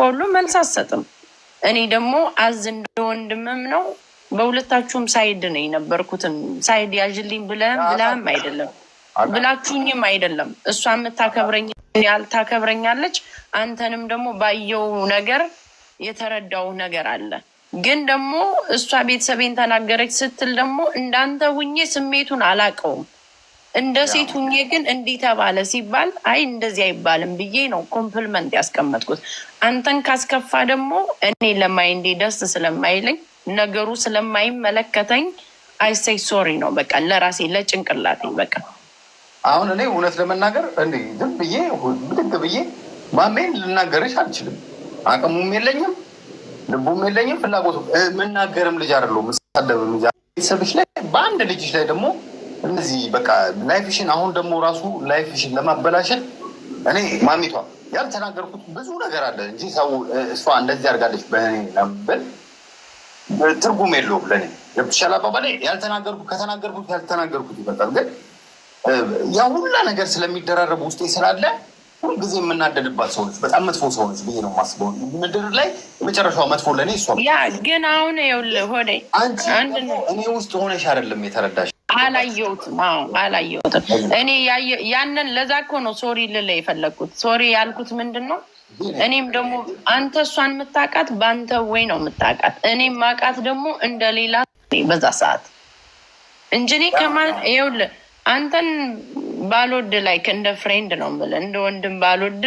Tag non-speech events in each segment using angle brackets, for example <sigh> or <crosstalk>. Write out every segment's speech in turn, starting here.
ሁሉ መልስ አሰጥም። እኔ ደግሞ አዝ እንደ ወንድምም ነው በሁለታችሁም ሳይድ ነው የነበርኩትን ሳይድ ያዥልኝ ብላም አይደለም ብላችሁኝም አይደለም። እሷ የምታከብረኝ ያልታከብረኛለች። አንተንም ደግሞ ባየው ነገር የተረዳው ነገር አለ። ግን ደግሞ እሷ ቤተሰቤን ተናገረች ስትል ደግሞ እንዳንተ ሁኜ ስሜቱን አላቀውም። እንደ ሴት ሁኜ ግን እንዲህ ተባለ ሲባል አይ እንደዚህ አይባልም ብዬ ነው ኮምፕልመንት ያስቀመጥኩት። አንተን ካስከፋ ደግሞ እኔ ለማይንዴ ደስ ስለማይለኝ ነገሩ ስለማይመለከተኝ አይሰይ ሶሪ ነው በቃ ለራሴ ለጭንቅላቴ በቃ። አሁን እኔ እውነት ለመናገር እንዴ ዝም ብዬ ብድግ ብዬ ማሜን ልናገርሽ አልችልም። አቅሙም የለኝም፣ ልቡም የለኝም፣ ፍላጎቱ የምናገርም ልጅ አይደለሁም። ሳለብ ቤተሰብሽ ላይ በአንድ ልጅሽ ላይ ደግሞ እነዚህ በቃ ላይፍሽን አሁን ደግሞ ራሱ ላይፍሽን ለማበላሸት እኔ ማሚቷ ያልተናገርኩት ብዙ ነገር አለ እንጂ ሰው እሷ እንደዚህ አድርጋለች በብል ትርጉም የለውም ለእኔ ገብቶሻል አባባሌ? ያልተናገርኩት ከተናገርኩት ያልተናገርኩት ይበጣል። ግን ያ ሁላ ነገር ስለሚደራረብ ውስጤ ስላለ ሁልጊዜ የምናደድባት ሰው ነች። በጣም መጥፎ ሰው ነች ብዬ ነው የማስበው። ምድር ላይ የመጨረሻው መጥፎ ለእኔ እሷ። ግን አሁን ሆነ አንቺ እኔ ውስጥ ሆነሽ አይደለም የተረዳሽ አላየሁትም። አዎ አላየሁትም። እኔ ያንን ለዛ እኮ ነው ሶሪ ልለ የፈለግኩት። ሶሪ ያልኩት ምንድን ነው? እኔም ደግሞ አንተ እሷን የምታውቃት በአንተ ወይ ነው የምታውቃት፣ እኔም ማውቃት ደግሞ እንደሌላ በዛ ሰዓት እንጂ እኔ ከማ ይኸውልህ አንተን ባልወድ ላይክ እንደ ፍሬንድ ነው የምልህ፣ እንደ ወንድም ባልወድ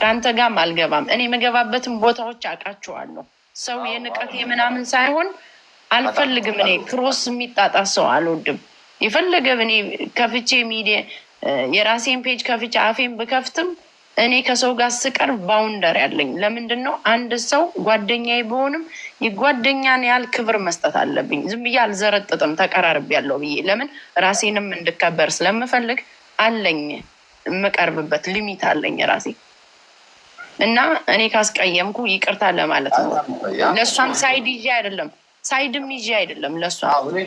ከአንተ ጋርም አልገባም። እኔ የምገባበትን ቦታዎች አውቃቸዋለሁ። ሰው የንቀት የምናምን ሳይሆን አልፈልግም። እኔ ክሮስ የሚጣጣ ሰው አልወድም። የፈለገ እኔ ከፍቼ ሚዲያ የራሴን ፔጅ ከፍቼ አፌን ብከፍትም እኔ ከሰው ጋር ስቀርብ ባውንደር ያለኝ ለምንድን ነው? አንድ ሰው ጓደኛዬ በሆንም የጓደኛን ያህል ክብር መስጠት አለብኝ። ዝም ብዬ አልዘረጥጥም ተቀራርብ ያለው ብዬ ለምን ራሴንም እንድከበር ስለምፈልግ አለኝ የምቀርብበት ሊሚት አለኝ ራሴ እና እኔ ካስቀየምኩ ይቅርታ ለማለት ነው። ለእሷም ሳይድ ይዤ አይደለም ሳይድም ይዤ አይደለም ለሱ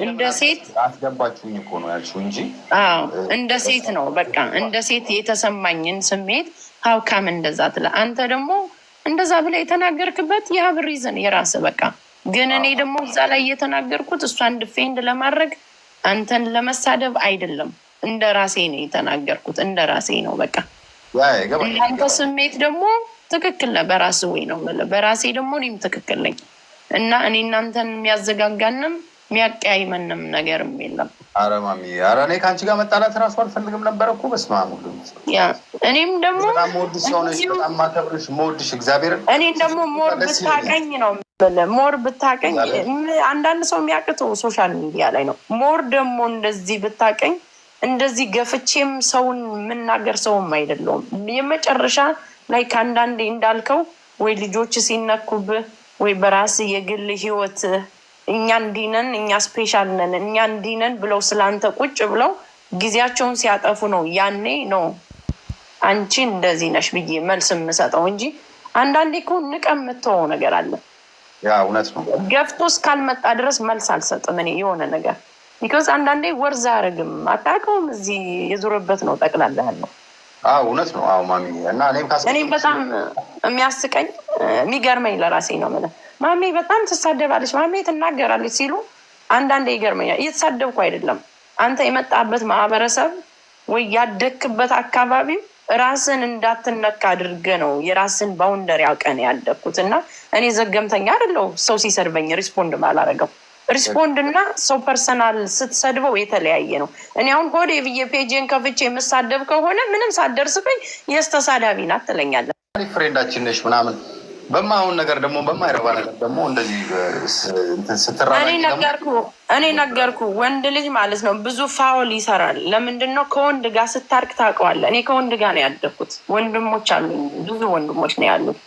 እንደ ሴት አስገባችሁኝ እኮ ነው ያልሽው እንጂ እንደ ሴት ነው በቃ እንደ ሴት የተሰማኝን ስሜት ሀውካም እንደዛ ትለ አንተ ደግሞ እንደዛ ብለ የተናገርክበት የሀብ ሪዝን የራስ በቃ ግን እኔ ደግሞ እዛ ላይ እየተናገርኩት እሷን ድፌንድ ለማድረግ አንተን ለመሳደብ አይደለም። እንደ ራሴ ነው የተናገርኩት፣ እንደ ራሴ ነው በቃ። እናንተ ስሜት ደግሞ ትክክል ነህ፣ በራስ ወይ ነው በራሴ ደግሞ እኔም ትክክል ነኝ። እና እኔ እናንተን የሚያዘጋጋንም የሚያቀያይመንም ነገርም የለም። ኧረ ማሚ ኧረ እኔ ከአንቺ ጋር መጣላት ራሱ አልፈልግም ነበረ እኮ በስመ አብ እኔም ደግሞ መወድሽ ሆነሽ በጣም ማከብርሽ መወድሽ እግዚአብሔር እኔም ደግሞ ሞር ብታቀኝ ነው ሞር ብታቀኝ አንዳንድ ሰው የሚያቅተው ሶሻል ሚዲያ ላይ ነው። ሞር ደግሞ እንደዚህ ብታቀኝ እንደዚህ ገፍቼም ሰውን የምናገር ሰውም አይደለውም። የመጨረሻ ላይ ከአንዳንዴ እንዳልከው ወይ ልጆች ሲነኩብህ ወይ በራስ የግል ህይወት እኛ እንዲነን እኛ ስፔሻል ነን እኛ እንዲነን ብለው ስላንተ ቁጭ ብለው ጊዜያቸውን ሲያጠፉ ነው። ያኔ ነው አንቺ እንደዚህ ነሽ ብዬ መልስ የምሰጠው እንጂ አንዳንዴ እኮ ንቀ ነገር አለ። እውነት ነው። ገፍቶ እስካልመጣ ድረስ መልስ አልሰጥም እኔ የሆነ ነገር ቢኮዝ አንዳንዴ ወርዝ አያደርግም አታውቀውም። እዚህ የዞረበት ነው ጠቅላላ ያለው እውነት ነው። አዎ ማሚ እና እኔም እኔም በጣም የሚያስቀኝ የሚገርመኝ ለራሴ ነው የምልህ ማሜ በጣም ትሳደባለች፣ ማሜ ትናገራለች ሲሉ አንዳንዴ ይገርመኛል። እየተሳደብኩ አይደለም። አንተ የመጣበት ማህበረሰብ ወይ ያደክበት አካባቢ ራስን እንዳትነካ አድርገ ነው የራስን ባውንደሪ አውቀን ነው ያደግኩት እና እኔ ዘገምተኛ አይደለሁ ሰው ሲሰርበኝ ሪስፖንድ ማላረገው ሪስፖንድ እና ሰው ፐርሰናል ስትሰድበው የተለያየ ነው። እኔ አሁን ሆዴ ብዬ ፔጅን ከፍቼ የምሳደብ ከሆነ ምንም ሳትደርስብኝ የስተሳዳቢ ናት ትለኛለህ። ፍሬንዳችን ነሽ ምናምን በማሁን ነገር ደግሞ በማይረባ ነገር ደግሞ እንደዚህ ስትራ እኔ ነገርኩ እኔ ነገርኩ ወንድ ልጅ ማለት ነው ብዙ ፋውል ይሰራል። ለምንድን ነው ከወንድ ጋር ስታርቅ ታውቀዋለህ። እኔ ከወንድ ጋር ነው ያደግኩት። ወንድሞች አሉኝ፣ ብዙ ወንድሞች ነው ያሉት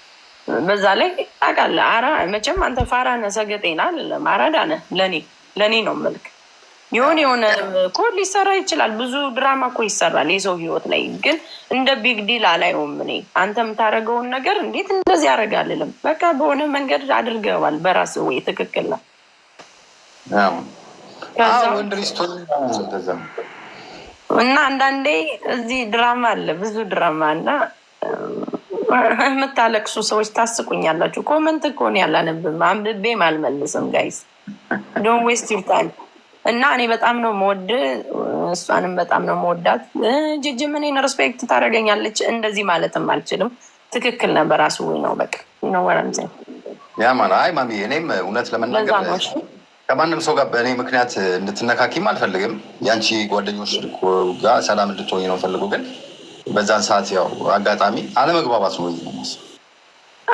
በዛ ላይ ታውቃለህ፣ አራ መቼም አንተ ፋራ ነህ ሰገጤ ነህ አይደለም፣ አራዳ ነ ለኔ ለእኔ ነው መልክ የሆነ የሆነ እኮ ሊሰራ ይችላል። ብዙ ድራማ እኮ ይሰራል የሰው ህይወት ላይ ግን እንደ ቢግ ዲል አላየውም እኔ። አንተ የምታደርገውን ነገር እንዴት እንደዚህ ያደርግ አልልም። በቃ በሆነ መንገድ አድርገዋል በራስ ወይ ትክክል ነው። እና አንዳንዴ እዚህ ድራማ አለ ብዙ ድራማ እና የምታለቅሱ ሰዎች ታስቁኛላችሁ። ኮመንት እኮ ነው ያላነብም አንብቤም አልመልስም። ጋይስ ዶን ዌስት ዩር ታይም እና እኔ በጣም ነው መወድ እሷንም በጣም ነው መወዳት። ጅጅ እኔን ሬስፔክት ታደርገኛለች። እንደዚህ ማለትም አልችልም። ትክክል ነበር። አስዊ ነው በቃ ነው ወረምዜ ያማን አይ ማሚ፣ እኔም እውነት ለመናገር ከማንም ሰው ጋር በእኔ ምክንያት እንድትነካኪም አልፈልግም። ያንቺ ጓደኞች ጋር ሰላም እንድትሆኝ ነው ፈልጉ ግን በዛን ሰዓት ያው አጋጣሚ አለመግባባት ነው።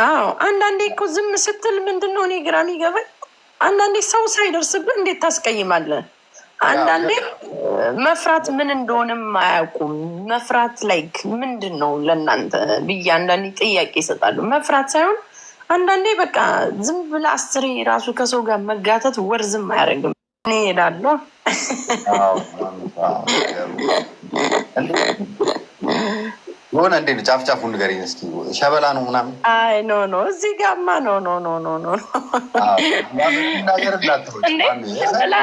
አዎ አንዳንዴ እኮ ዝም ስትል ምንድን ነው እኔ ግራ የሚገባኝ አንዳንዴ ሰው ሳይደርስብህ እንዴት ታስቀይማለህ? አንዳንዴ መፍራት ምን እንደሆነም አያውቁም። መፍራት ላይክ ምንድን ነው ለእናንተ ብዬ አንዳንዴ ጥያቄ ይሰጣሉ። መፍራት ሳይሆን አንዳንዴ በቃ ዝም ብለህ አስሬ ራሱ ከሰው ጋር መጋተት ወርዝም አያደርግም። እኔ እሄዳለሁ የሆነ እንዴ ጫፍጫፉ ጫፉን ንገረኝ እስኪ። ሸበላ ነው ምናምን? አይ ኖ ኖ፣ እዚህ ጋማ ኖ ኖ ኖ ኖ ኖ። ሸበላ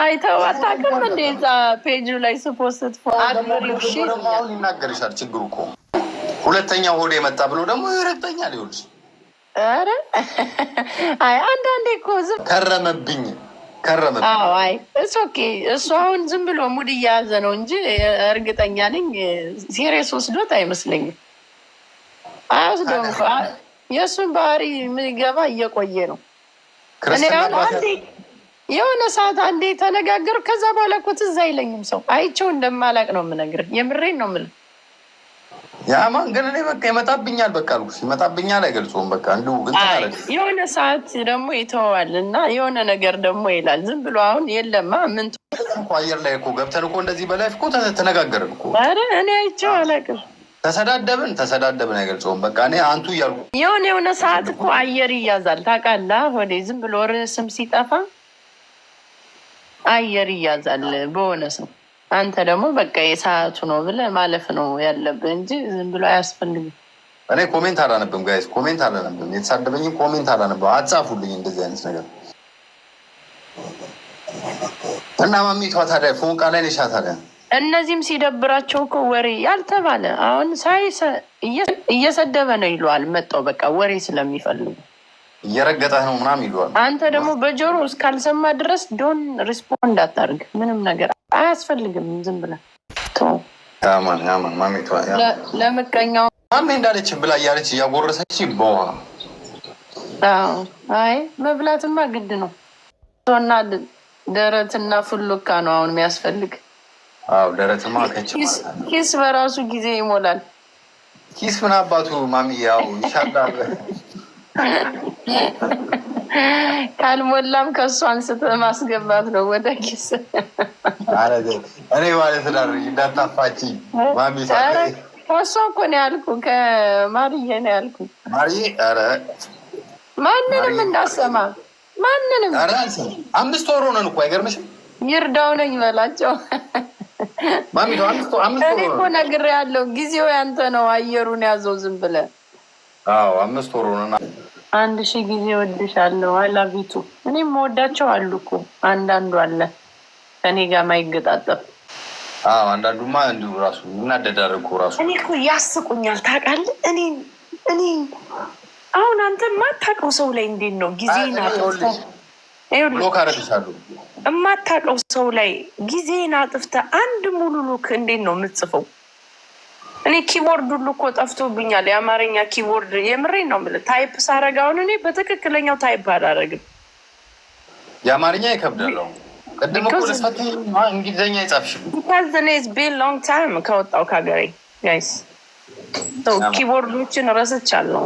አይ ተው፣ አታውቅም እንዴ እዛ ፔጁ ላይ ስፖስት አሁን ይናገርሻል። ችግሩ እኮ ሁለተኛ ሆዴ የመጣ ብሎ ደግሞ ይረግጠኛል። ይኸውልሽ፣ ኧረ አይ አንዳንዴ እኮ ዝም ከረመብኝ ከረመ። እሱ ኦኬ። እሱ አሁን ዝም ብሎ ሙድ እየያዘ ነው እንጂ እርግጠኛ ነኝ ሴሬስ ወስዶት አይመስለኝም። አይወስደውም። የእሱን ባህሪ የሚገባ እየቆየ ነው። እኔ አሁን አንዴ የሆነ ሰዓት አንዴ ተነጋገሩ፣ ከዛ በኋላ እኮ ትዝ አይለኝም። ሰው አይቼው እንደማላቅ ነው የምነግርህ። የምሬን ነው የምልህ የአማን ግን እኔ በቃ ይመጣብኛል፣ በቃ አልኩሽ ይመጣብኛል። አይገልጽውም በቃ እንዲሁ የሆነ ሰዓት ደግሞ ይተዋል እና የሆነ ነገር ደግሞ ይላል። ዝም ብሎ አሁን የለማ ምን አየር ላይ እኮ ገብተን እኮ እንደዚህ በላይፍ እኮ ተነጋገርን እኮ። ኧረ እኔ አይቼው አላውቅም። ተሰዳደብን ተሰዳደብን፣ አይገልጽውም በቃ እኔ አንቱ እያልኩ የሆነ የሆነ ሰዓት እኮ አየር ይያዛል ታውቃለህ። ሆዴ ዝም ብሎ ርዕስም ሲጠፋ አየር ይያዛል በሆነ ሰው አንተ ደግሞ በቃ የሰዓቱ ነው ብለህ ማለፍ ነው ያለብህ እንጂ ዝም ብሎ አያስፈልግም። እኔ ኮሜንት አላነብም፣ ጋይስ ኮሜንት አላነብም፣ የተሳደበኝም ኮሜንት አላነብም። አጻፉልኝ እንደዚህ አይነት ነገር እና ማሚቷ ታዲያ ፎን ላይ ነሻ ታዲያ እነዚህም ሲደብራቸው እኮ ወሬ ያልተባለ አሁን ሳይ እየሰደበ ነው ይለዋል። መጣው በቃ ወሬ ስለሚፈልጉ እየረገጠህ ነው ምናምን ይለዋል። አንተ ደግሞ በጆሮ እስካልሰማ ድረስ ዶን ሪስፖንድ አታርግ። ምንም ነገር አያስፈልግም። ዝም ብለህ ለምቀኛው ማሜ እንዳለች ብላ እያለች እያጎረሰች በዋ አይ መብላትማ ግድ ነው። ቶና ደረትና ፉሉካ ነው አሁን የሚያስፈልግ። ደረትማ ኪስ በራሱ ጊዜ ይሞላል። ኪስ ምን አባቱ ማሚ ያው ይሻላል <laughs> ካልሞላም ከእሱ አንስተ ማስገባት ነው ወደ ኪስ። እኔ ማለት ዳር እንዳታፋች ማሚ ከእሷ እኮ ነው ያልኩ፣ ከማርዬ ነው ያልኩ። ማርዬ ማንንም እንዳሰማ ማንንም አምስት ወር ሆነን እኮ አይገርምሽም? ይርዳው ነኝ በላቸው። እኔ እኮ ነግሬሃለሁ፣ ጊዜው ያንተ ነው። አየሩን ያዘው ዝም ብለህ አምስት ወር ሆነን አንድ ሺ ጊዜ ወድሻለሁ። አላቪቱ እኔም መወዳቸው አሉ እኮ አንዳንዱ አለ ከኔ ጋር ማይገጣጠም አንዳንዱማ እንዲ ራሱ እናደዳር እኮ ራሱ እኔ እኮ ያስቁኛል። ታውቃለህ እኔ እኔ አሁን አንተ የማታውቀው ሰው ላይ እንዴት ነው ጊዜ ናጥፍተህ የማታውቀው ሰው ላይ ጊዜ ናጥፍተህ አንድ ሙሉ ሉክ እንዴት ነው የምትጽፈው? እኔ ኪቦርድ ሁሉ እኮ ጠፍቶብኛል። የአማርኛ ኪቦርድ የምሬ ነው የምልህ። ታይፕ ሳረግ አሁን እኔ በትክክለኛው ታይፕ አላረግም። የአማርኛ ይከብዳል። ቅድም እኮ ልስፈት እንግሊዝኛ የጻፍሽ ቤን ሎንግ ታይም ከወጣው ከሀገሬ ጋይስ ኪቦርዶችን ረስቻለሁ።